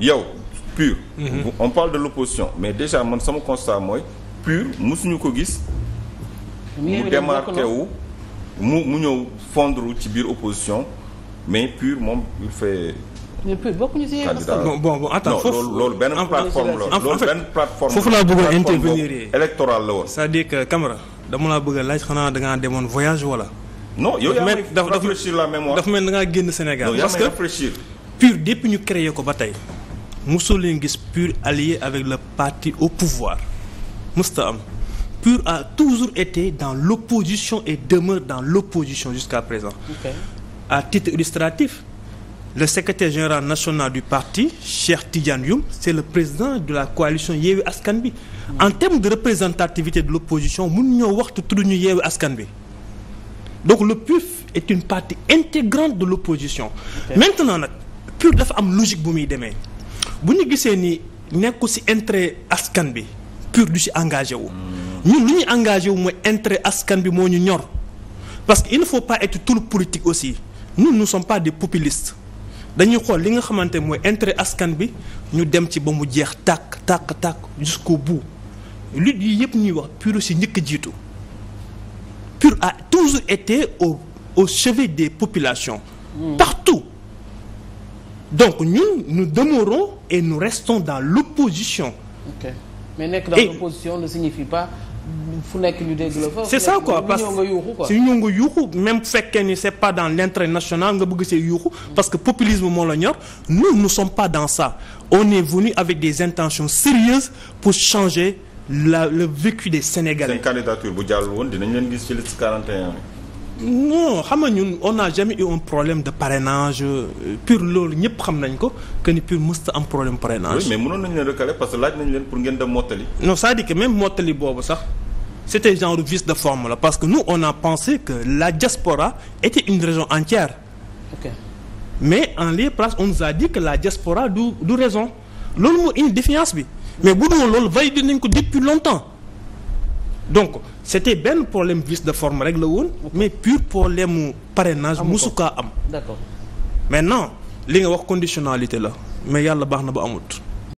yow pur mhm. on parle de l'opposition mais déjà man sama constat mooy pur musuñu ko gis mu démarqué wu mu mu ñëw fondre ci biir opposition mais pur moom il fait mais pur bokkuñu si bon bon attends foofu loolu benn plateforme la loolu laa bëgg a intervenir électoral la woon cest à Camara dama laa bëgg laaj xanaa da ngaa demoon voyage wala non yow yaa may rafraîchir la mémoire dafa mel da ngaa génn Sénégal parce que pur depuis ñu créé ko ba tey mosoo leen gis PUR allié avec le parti au pouvoir musta am PUR a toujours été dans l'opposition et demeure dans l'opposition jusqu'à présent okay. à titre illustratif le secrétaire général national du parti Cheikh Tidiane Youm c'est le président de la coalition Yewwi Askan Wi mmh. en termes de représentativité de l'opposition mun ñoo waxtu tudd ñu Yewwi Askan bi donc le PUR est une partie intégrante de l'opposition okay. maintenant nag PUR dafa am logique bu muy demee bu ñu gisee nii nekku ci intérêt askan bi pur du ci engagé wu. ñun lu ñuy engagé wu mooy intérêt askan bi moo ñu ñor parce que il ne faut pas être tout politique aussi nous ne sommes pas des populistes dañuy xool li nga xamante mooy intérêt askan bi ñu dem ci ba mu jeex tàkk tàkk tàkk co bout lutte yi yëpp ñuy wax pur ci njëkk jiitu pur a toujours été au au chevet des populations. Mm. partout. donc ñun nous demeurons et nous restons dans l'opposition mais nekk dans l'opposition ne signifie pas fu nekk ñu dégg la fa c'est ça quoi parce que si ñëw nga yuuxu même fekkee ni c'est pas dans l'intérêt national nga bëgg se yuuxu parce que populisme moo la ñor nous ne sommes pas dans ça on est venu avec des intentions sérieuses pour changer la le vécu des Sénégalais seen bu jàll woon dinañ leen gis ci liste 41 non xam nga ñun on n'a jamais eu un problème de parrainage euh, pur loolu ñëpp xam nañ ko que ni pur mësta am problème parrainage. oui mais mënoon nañu leen recaler parce que laaj nañu leen pour ngeen dem mottali. non c'est-à-dire que même mottali boobu sax. c'était genre vice de forme là parce que nous on a pensé que la diaspora était une région entière. mais en lieu place on nous a dit que la diaspora du du raison loolu moo indi défiance bi mais bu dul loolu validé nañ ko depuis longtemps. donc c' était benn problème vice de forme rek la woon mais pur problème mu parrainage musu kaa am. d' accord maintenant li nga wax conditionnalité la mais yàlla baax na ba amut.